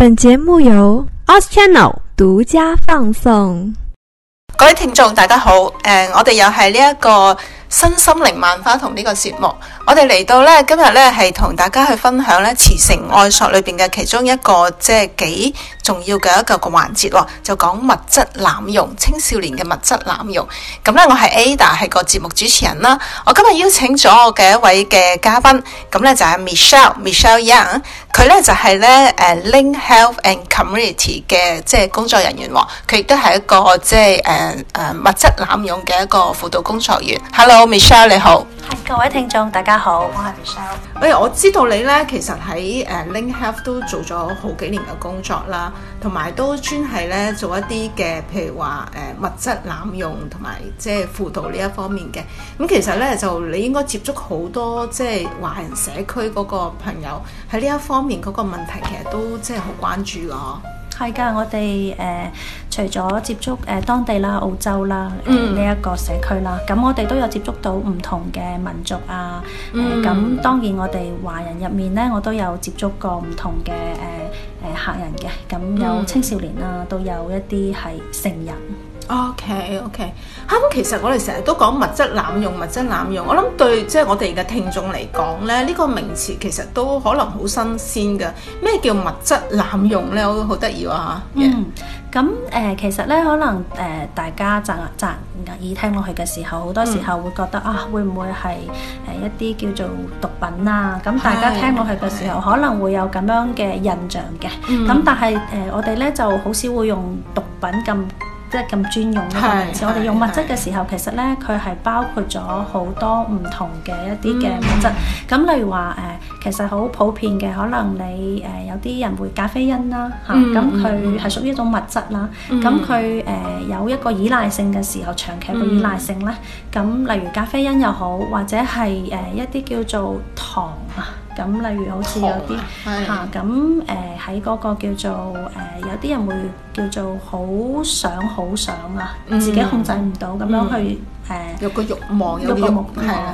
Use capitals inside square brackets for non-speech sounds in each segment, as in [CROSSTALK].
本節目由 Oz Channel 獨家放送，各位聽眾，大家好，誒，uh，我哋又係呢一個新心靈萬花同呢個節目。我哋嚟到呢，今日呢，係同大家去分享呢《慈城愛索》裏邊嘅其中一個即係幾重要嘅一個嘅環節，就講物質濫用，青少年嘅物質濫用。咁、嗯、呢，我係 Ada，係個節目主持人啦。我今日邀請咗我嘅一位嘅嘉賓，咁呢就係 Michelle，Michelle Young，佢呢就係咧誒 Link Health and Community 嘅即係工作人員，佢亦都係一個即係誒誒物質濫用嘅一個輔導工作員。Hello，Michelle，你好。係各位聽眾，大家。好，我係 Michelle。哎 [NOISE] ，hey, 我知道你咧，其實喺誒、uh, Link Health 都做咗好幾年嘅工作啦，同埋都專係咧做一啲嘅，譬如話誒、呃、物質濫用同埋即係輔導呢一方面嘅。咁其實咧就你應該接觸好多即係、就是、華人社區嗰個朋友喺呢一方面嗰個問題，其實都即係好關注噶。係噶，我哋誒、呃、除咗接觸誒、呃、當地啦、澳洲啦呢一、mm. 個社區啦，咁我哋都有接觸到唔同嘅民族啊。咁、mm. 呃、當然我哋華人入面呢，我都有接觸過唔同嘅誒、呃呃、客人嘅，咁有青少年啊，都有一啲係成人。O K O K 嚇咁，其實我哋成日都講物質濫用，物質濫用。我諗對即係我哋嘅聽眾嚟講咧，呢個名詞其實都可能好新鮮㗎。咩叫物質濫用咧？我都好得意啊嚇。嗯，咁誒，其實咧可能誒，大家乍乍耳聽落去嘅時候，好多時候會覺得啊，會唔會係誒一啲叫做毒品啊？咁大家聽落去嘅時候，可能會有咁樣嘅印象嘅。咁但係誒，我哋咧就好少會用毒品咁。即係咁專用呢個名字，而且我哋用物質嘅時候，其實咧佢係包括咗好多唔同嘅一啲嘅物質。咁、嗯、例如話誒、呃，其實好普遍嘅，可能你誒、呃、有啲人會咖啡因啦嚇，咁佢係屬於一種物質啦。咁佢誒有一個依賴性嘅時候，長期嘅依賴性啦。咁、嗯、例如咖啡因又好，或者係誒、呃、一啲叫做糖啊。咁例如好似有啲吓，咁誒喺嗰個叫做誒、呃，有啲人會叫做好想好想啊，嗯、自己控制唔到咁樣去。嗯誒有個慾望，有個慾望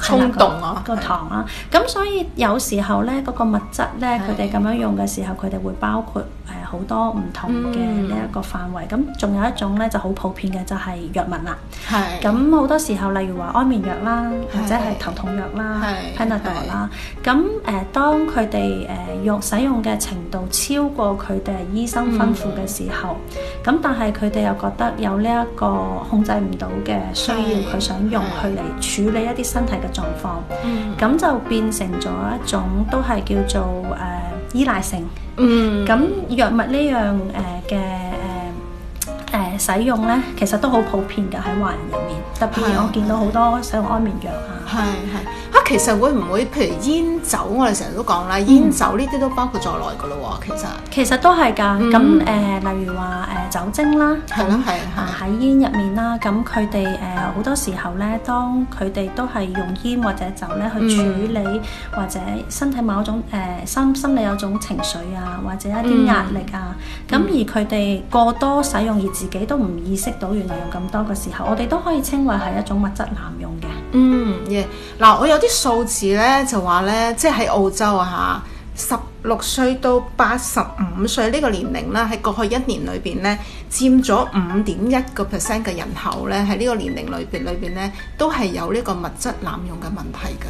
衝動啊，個糖啊，咁所以有時候咧，嗰個物質咧，佢哋咁樣用嘅時候，佢哋會包括誒好多唔同嘅呢一個範圍。咁仲有一種咧，就好普遍嘅就係藥物啦。係。咁好多時候，例如話安眠藥啦，或者係頭痛藥啦、Panadol 啦。咁誒，當佢哋誒用使用嘅程度超過佢哋醫生吩咐嘅時候，咁但係佢哋又覺得有呢一個控制唔到嘅需要。佢想用佢嚟處理一啲身體嘅狀況，咁、嗯、就變成咗一種都係叫做誒、呃、依賴性。咁藥、嗯、物呢樣誒嘅誒誒使用咧，其實都好普遍嘅喺華人入面，特別是我見到好多使用安眠藥嚇。係係是。是其實會唔會譬如煙酒？我哋成日都講啦，煙酒呢啲都包括在內噶咯。其實 [NOISE] 其實都係㗎。咁誒、呃，例如話誒、呃、酒精啦，係咯係，喺 [NOISE] [NOISE] [NOISE] [NOISE] 煙入面啦。咁佢哋誒好多時候咧，當佢哋都係用煙或者酒咧去處理或者身體某種誒、呃、心心理有種情緒啊，或者一啲壓力啊。咁 [NOISE] 而佢哋過多使用而自己都唔意識到原來用咁多嘅時候，我哋都可以稱為係一種物質濫用嘅。嗯，yeah。嗱，我有啲數字咧就話咧，即係喺澳洲啊嚇，十六歲到八十五歲呢個年齡咧，喺過去一年裏邊咧，佔咗五點一個 percent 嘅人口咧，喺呢個年齡類別裏邊咧，都係有呢個物質濫用嘅問題㗎。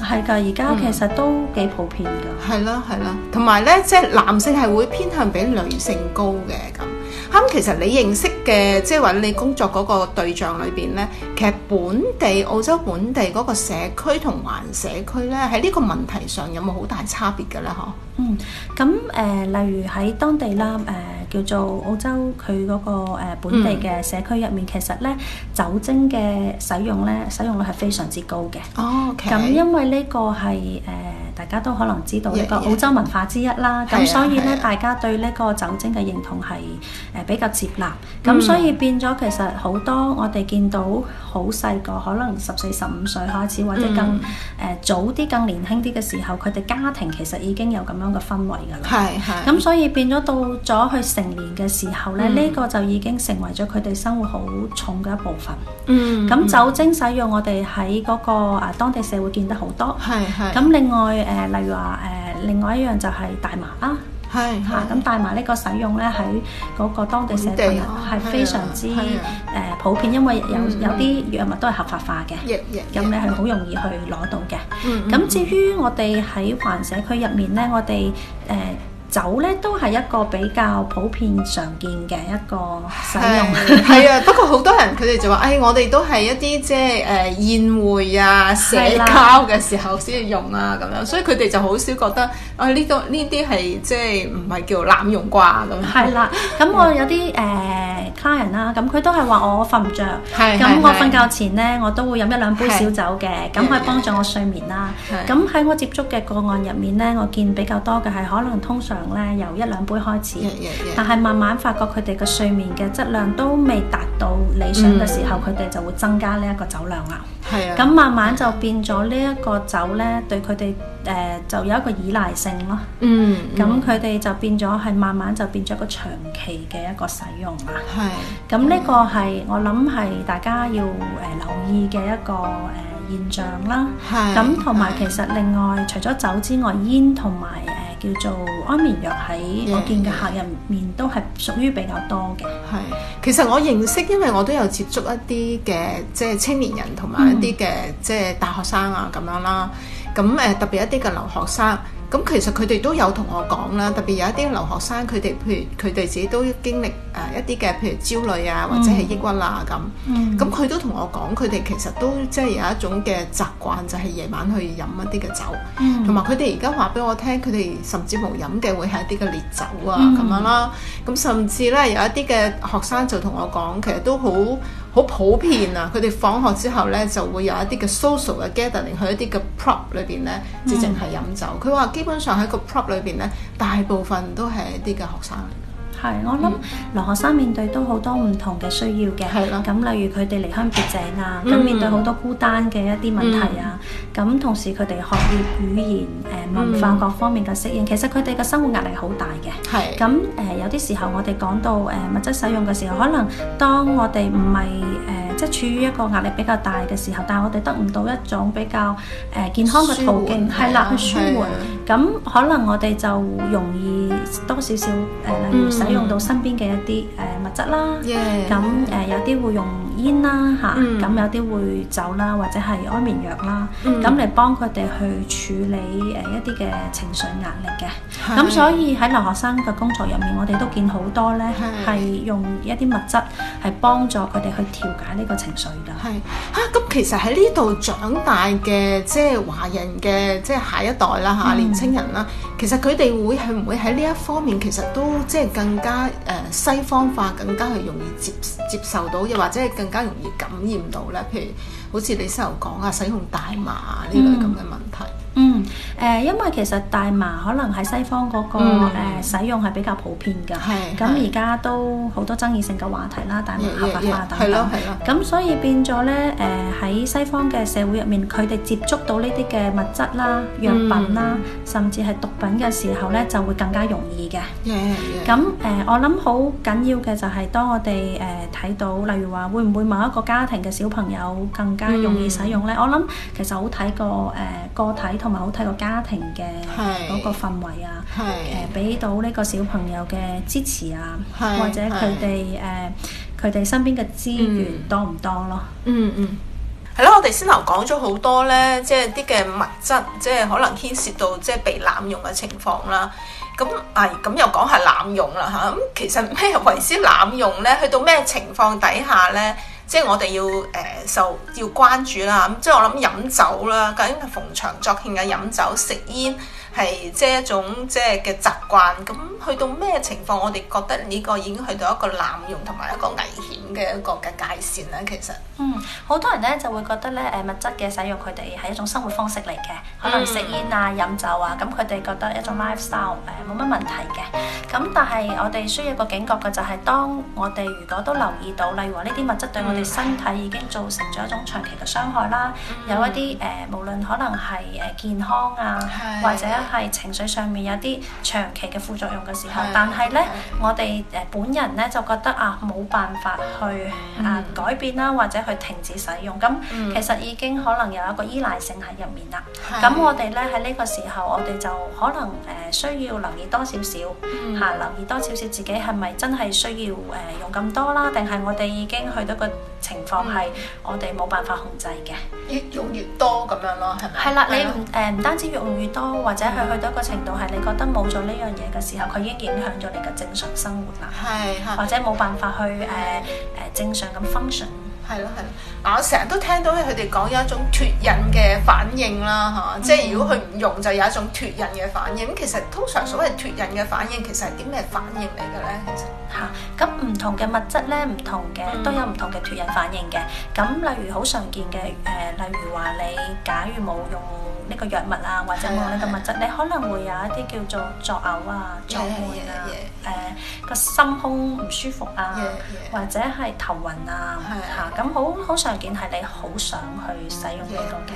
係㗎，而家其實都幾普遍㗎。係啦係啦，同埋咧，即係男性係會偏向比女性高嘅咁。咁其實你認識嘅，即係話你工作嗰個對象裏邊咧，其實本地澳洲本地嗰個社區同環社區咧，喺呢個問題上有冇好大差別嘅咧？嗬，嗯，咁誒，例如喺當地啦，誒叫做澳洲佢嗰個誒本地嘅社區入面，其實咧酒精嘅使用咧使用率係非常之高嘅。哦，咁因為呢個係誒。大家都可能知道呢個澳洲文化之一啦，咁所以咧，大家對呢個酒精嘅認同係誒比較接納，咁所以變咗其實好多我哋見到好細個，可能十四、十五歲開始或者更誒早啲、更年輕啲嘅時候，佢哋家庭其實已經有咁樣嘅氛圍㗎啦。係係。咁所以變咗到咗去成年嘅時候咧，呢個就已經成為咗佢哋生活好重嘅一部分。嗯。咁酒精使用我哋喺嗰個啊當地社會見得好多。係係。咁另外誒。誒，例如話誒、呃，另外一樣就係大麻啦，係吓，咁、啊、大麻呢個使用咧喺嗰個當地社區入係非常之誒、呃、普遍，因為有、嗯、有啲藥物都係合法化嘅，咁你係好容易去攞到嘅。咁、嗯、至於我哋喺環社區入面咧，我哋誒。呃酒咧都係一個比較普遍常見嘅一個使用，係啊，不過好多人佢哋就話：哎，我哋都係一啲即係誒宴會啊、社交嘅時候先用啊咁樣，所以佢哋就好少覺得啊呢個呢啲係即係唔係叫濫用啩咁樣。係啦、 [LAUGHS] 嗯，咁我有啲誒。呃客人啦，咁佢都係話我瞓唔着。咁是我瞓覺前呢，是我都會飲一兩杯小酒嘅，咁是可以幫助我睡眠啦。咁喺是我接觸嘅個案入面呢，是我見比較多嘅係可能通常呢由一兩杯開始，但係慢慢發覺佢哋嘅睡眠嘅質量都未達到理想嘅時候，佢哋、嗯、就會增加呢一個酒量啦。咁、嗯嗯、慢慢就變咗呢一個酒咧，對佢哋誒就有一個依賴性咯。嗯，咁佢哋就變咗係慢慢就變咗一個長期嘅一個使用啦。係、嗯，咁呢個係我諗係大家要誒、呃、留意嘅一個誒現象啦。係、嗯，咁同埋其實另外、嗯、除咗酒之外，煙同埋誒叫做安眠藥喺我見嘅客人面都係屬於比較多嘅。係、嗯。嗯其實我認識，因為我都有接觸一啲嘅即係青年人同埋一啲嘅、嗯、即係大學生啊咁樣啦，咁、嗯、特別一啲嘅留學生。咁其實佢哋都有同我講啦，特別有一啲留學生，佢哋譬如佢哋自己都經歷誒一啲嘅譬如焦慮啊，或者係抑鬱啊咁。咁佢、mm hmm. 都同我講，佢哋其實都即係有一種嘅習慣，就係、是、夜晚去飲一啲嘅酒，同埋佢哋而家話俾我聽，佢哋甚至無飲嘅會係一啲嘅烈酒啊咁樣啦。咁、mm hmm. 甚至咧有一啲嘅學生就同我講，其實都好。好普遍啊！佢哋放學之後咧，就會有一啲嘅 social 嘅 gathering [NOISE] 去一啲嘅 pub 裏邊咧，淨係飲酒。佢話 [NOISE] 基本上喺個 pub 裏邊咧，大部分都係一啲嘅學生。係，我諗留學生面對都好多唔同嘅需要嘅，咁例的如佢哋離鄉別井啊，咁、嗯、面對好多孤單嘅一啲問題啊，咁、嗯、同時佢哋學業、語言、誒、嗯、文化各方面嘅適應，其實佢哋嘅生活壓力好大嘅。係的，咁誒、呃、有啲時候我哋講到誒、呃、物質使用嘅時候，可能當我哋唔係誒、呃即係處於一個壓力比較大嘅時候，但係我哋得唔到一種比較誒、呃、健康嘅途徑，係啦去舒緩，咁的可能我哋就容易多少少誒、呃、例如使用到身邊嘅一啲誒、呃嗯、物質啦。咁誒有啲會用。煙啦嚇，咁、嗯、有啲會走啦，或者係安眠藥啦，咁嚟幫佢哋去處理誒一啲嘅情緒壓力嘅。咁是所以喺留學生嘅工作入面，我哋都見好多咧，係是用一啲物質係幫助佢哋去調解呢個情緒㗎。係嚇，咁、啊、其實喺呢度長大嘅即係華人嘅即係下一代啦嚇，嗯、年青人啦，其實佢哋會係唔會喺呢一方面，其實都即係更加誒、呃、西方化，更加係容易接接受到，又或者係更。更加容易感染到咧，譬如。好似你先頭講啊，使用大麻呢類咁嘅問題。嗯，誒，因為其實大麻可能喺西方嗰個誒使用係比較普遍㗎。係。咁而家都好多爭議性嘅話題啦，大麻合法化等等。係咯係咯。咁所以變咗咧，誒喺西方嘅社會入面，佢哋接觸到呢啲嘅物質啦、藥品啦，甚至係毒品嘅時候咧，就會更加容易嘅。耶！咁誒，我諗好緊要嘅就係當我哋誒睇到，例如話會唔會某一個家庭嘅小朋友更加容、mm. 易使用咧，我諗其實好睇個誒個體同埋好睇個家庭嘅嗰個氛圍啊，誒俾、mm. mm. mm. mm. [NOISE] 到呢個小朋友嘅支持啊，或者佢哋誒佢哋身邊嘅資源多唔多咯？嗯、哎、嗯，係咯，我哋先頭講咗好多咧，即係啲嘅物質，即係可能牽涉到即係被濫用嘅情況啦。咁係咁又講下濫用啦吓。咁其實咩為之濫用咧？去到咩情況底下咧？即係我哋要誒、呃、受要關注啦，咁即係我諗飲酒啦，究竟係逢場作興嘅飲酒食煙。係即係一種即係嘅習慣，咁去到咩情況，我哋覺得呢個已經去到一個濫用同埋一個危險嘅一個嘅界線啦。其實嗯，好多人咧就會覺得咧，誒物質嘅使用佢哋係一種生活方式嚟嘅，可能食煙啊、飲酒啊，咁佢哋覺得一種 lifestyle 誒冇乜問題嘅。咁但係我哋需要一個警覺嘅就係當我哋如果都留意到，例如話呢啲物質對我哋身體已經造成咗一種長期嘅傷害啦，嗯、有一啲誒、呃、無論可能係誒健康啊，是或者。係情緒上面有啲長期嘅副作用嘅時候，的但係咧，的我哋誒本人咧就覺得啊，冇辦法去、嗯、啊改變啦，或者去停止使用咁，嗯、其實已經可能有一個依賴性喺入面啦。咁的我哋咧喺呢個時候，我哋就可能誒、呃、需要留意多少少嚇，留意多少少自己係咪真係需要誒、呃、用咁多啦？定係我哋已經去到個。情況係我哋冇辦法控制嘅，越用越多咁樣咯，係咪？係啦，你誒唔了、呃、單止越用越多，或者係去到一個程度係，你覺得冇咗呢樣嘢嘅時候，佢已經影響咗你嘅正常生活啦，的或者冇辦法去誒誒、呃呃、正常咁 function。係囉，係囉，我成日都聽到佢哋講有一種脫癮嘅反應啦，嚇、嗯，即係如果佢唔用就有一種脫癮嘅反應。其實通常所謂脫癮嘅反應，其實係啲咩反應嚟嘅咧？其實嚇，咁唔、啊、同嘅物質咧，唔同嘅、嗯、都有唔同嘅脫癮反應嘅。咁例如好常見嘅，誒、呃，例如話你假如冇用。呢個藥物啊，或者我呢個物質，Yeah. 你可能會有一啲叫做作嘔啊、作悶啊，誒個、yeah, yeah , yeah. 呃、心胸唔舒服啊，yeah, yeah. 或者係頭暈啊嚇，咁好好常見係你好想去使用呢個嘅。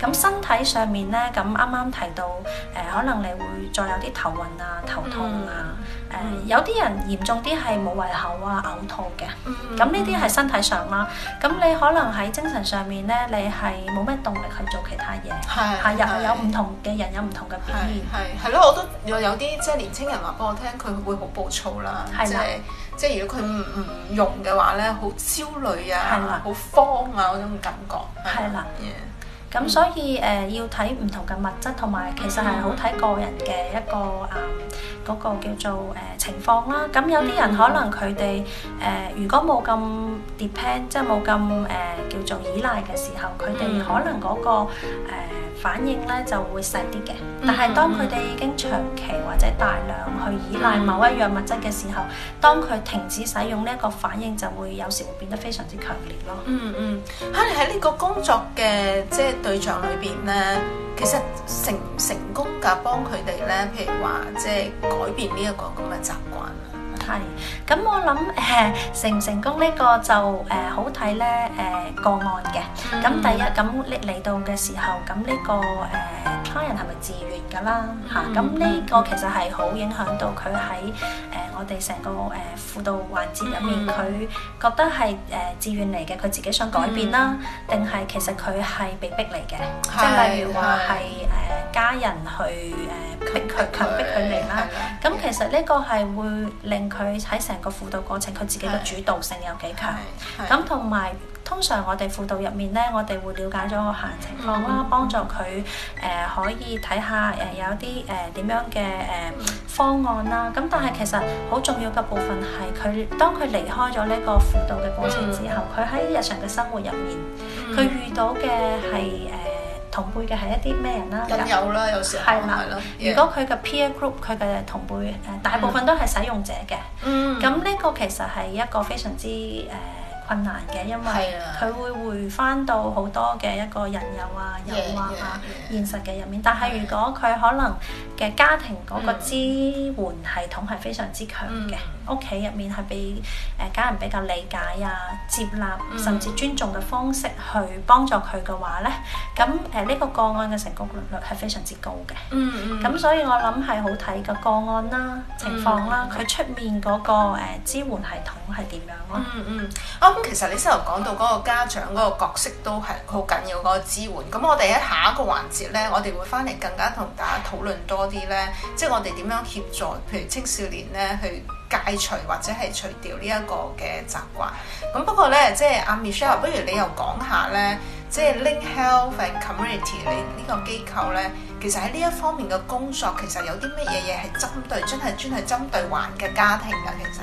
咁 Yeah, yeah. 身體上面咧，咁啱啱提到誒、呃，可能你會再有啲頭暈啊、頭痛啊。Yeah, yeah. 嗯誒、嗯、有啲人嚴重啲係冇胃口啊、嘔吐嘅，咁呢啲係身體上啦。咁你可能喺精神上面咧，你係冇咩動力去做其他嘢，係是有的有唔同嘅人有唔同嘅表現，係係咯。我都有啲即係年青人話畀我聽，佢會好暴躁啦的、即係，係咪？即係如果佢唔用嘅話咧，好焦慮啊，好的慌啊嗰種感覺係啦。的咁所以誒、呃、要睇唔同嘅物質，同埋其實係好睇個人嘅一個誒嗰、呃嗰個叫做誒、呃、情況啦。咁有啲人可能佢哋誒如果冇咁，depend 即係冇咁誒叫做依賴嘅時候，佢哋、嗯、可能嗰、那個、呃、反應咧就會細啲嘅。嗯、但係當佢哋已經長期或者大量去依賴某一樣物質嘅時候，嗯、當佢停止使用呢一個反應就會有時會變得非常之強烈咯。嗯嗯，可能喺呢個工作嘅即係對象裏邊咧，其實成成功噶幫佢哋咧，譬如話即係改變呢一個咁嘅習慣。係，咁我諗，誒、呃，成唔成功呢個就，誒、呃，好睇咧，誒、呃，個案嘅。咁的第一，咁你嚟到嘅時候，咁呢個，誒、呃。他人係咪自願㗎啦？嚇、嗯，咁呢、啊、個其實係好影響到佢喺誒我哋成個誒、呃、輔導環節入面，佢、嗯、覺得係誒、呃、自願嚟嘅，佢自己想改變啦、嗯，定係其實佢係被逼嚟嘅？對即係例如話係誒家人去誒逼佢強逼佢嚟啦。咁對、啊、其實呢個係會令佢喺成個輔導過程，佢對自己嘅主導性有幾強？咁同埋。通常我哋輔導入面咧，我哋會了解咗個閒情況啦，幫助佢誒可以睇下誒有啲誒點樣嘅誒方案啦。咁但係其實好重要嘅部分係佢當佢離開咗呢個輔導嘅過程之後，佢喺日常嘅生活入面，佢遇到嘅係誒同輩嘅係一啲咩人啦？有啦，有時係啦。如果佢嘅 peer group 佢嘅同輩誒大部分都係使用者嘅，咁呢個其實係一個非常之誒，困難嘅，因為佢會回翻到好多嘅一個引誘啊、誘惑啊現實嘅入面。但係如果佢可能嘅家庭嗰個支援系統係非常之強嘅，屋企入面係俾誒家人比較理解啊、接納、mm hmm. 甚至尊重嘅方式去幫助佢嘅話咧，咁誒呢個個案嘅成功率係非常之高嘅。嗯、mm，咁、hmm. 所以我諗係好睇個個案啦、情況啦，佢出、mm hmm. 面嗰個支援系統係點樣咯？嗯嗯、mm，hmm. oh, 咁其實你先頭講到嗰個家長嗰個角色都係好緊要嗰、嗰個支援。咁我哋喺下一個環節咧，我哋會返嚟更加同大家討論多啲咧，即係我哋點樣協助譬如青少年咧去戒除或者係除掉呢一個嘅習慣。咁不過咧，即係、啊、阿 Michelle，不如你又講下咧，即係 Link Health and Community 呢呢個機構咧，其實喺呢一方面嘅工作，其實有啲乜嘢嘢係針對，真係專係針對患嘅家庭㗎，其實。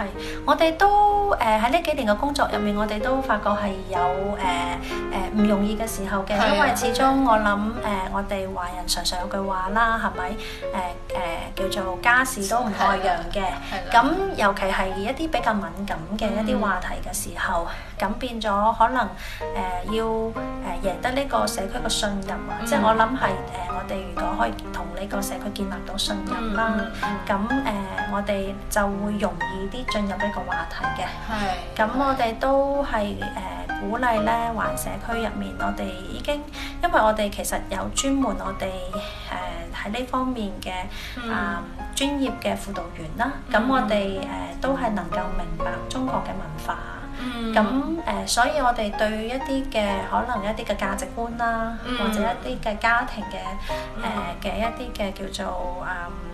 係 [NOISE] 我哋都誒喺呢幾年嘅工作入面，我哋都發覺係有誒誒唔容易嘅時候嘅， [NOISE] 因為始終我諗誒、呃、我哋華人常常有句話啦，係咪誒誒叫做家事都唔愛揚嘅，咁 [NOISE] 尤其係一啲比較敏感嘅 [NOISE] 一啲話題嘅時候，咁變咗可能誒、呃、要誒贏得呢個社區嘅信任啊， [NOISE] 即係我諗係誒我哋如果可以同呢個社區建立到信任啦，咁誒 [NOISE] [NOISE] 我哋就會容易啲。進入呢個話題嘅，咁的我哋都係誒、呃、鼓勵咧，環社區入面，我哋已經，因為我哋其實有專門我哋誒喺呢方面嘅啊、嗯呃、專業嘅輔導員啦，咁、嗯、我哋誒、呃、都係能夠明白中國嘅文化，咁誒、嗯呃，所以我哋對一啲嘅可能一啲嘅價值觀啦，嗯、或者一啲嘅家庭嘅誒嘅一啲嘅叫做啊。嗯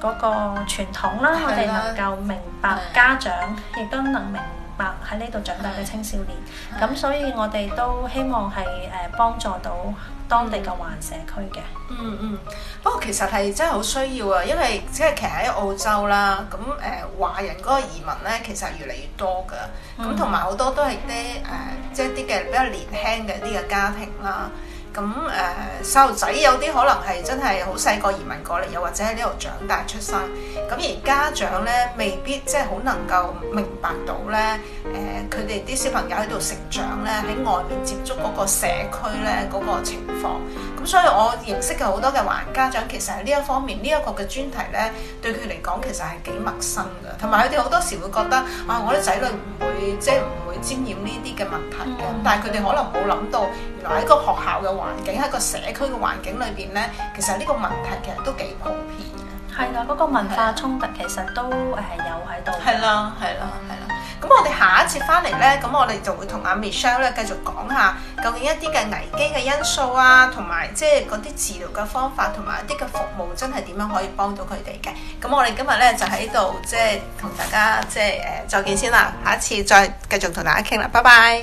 嗰個傳統啦，我哋的能夠明白家長，亦都的能明白喺呢度長大嘅青少年。咁的所以我哋都希望係誒幫助到當地嘅華人社區嘅、嗯。嗯嗯，不過其實係真係好需要啊，因為即係其實喺澳洲啦，咁誒、呃、華人嗰個移民咧，其實越嚟越多噶。咁同埋好多都係啲誒，即係啲嘅比較年輕嘅一啲嘅家庭啦。咁誒，細路仔有啲可能係真係好細個移民過嚟，又或者喺呢度長大出生。咁而家長咧，未必即係好能夠明白到咧，誒、呃，佢哋啲小朋友喺度成長咧，喺外面接觸嗰個社區咧，嗰個情況。咁所以我認識嘅好多嘅華人家長，其實喺呢一方面，這個、呢一個嘅專題咧，對佢嚟講其實係幾陌生嘅。同埋佢哋好多時會覺得，哇、啊，我啲仔女唔會，即係唔會沾染呢啲嘅問題嘅。嗯、但係佢哋可能冇諗到。喺個學校嘅環境，喺個社區嘅環境裏邊咧，其實呢個問題其實都幾普遍嘅。係啦，嗰、那個文化衝突其實都誒係有喺度。係啦，係啦，係啦。咁、嗯、我哋下一次翻嚟咧，咁的我哋就會同阿 Michelle 咧繼續講下究竟一啲嘅危機嘅因素啊，同埋即係嗰啲治療嘅方法，同埋一啲嘅服務真係點樣可以幫到佢哋嘅。咁我哋今日咧就喺度即係同大家即係誒、呃、再見先啦，下一次再繼續同大家傾啦，拜拜。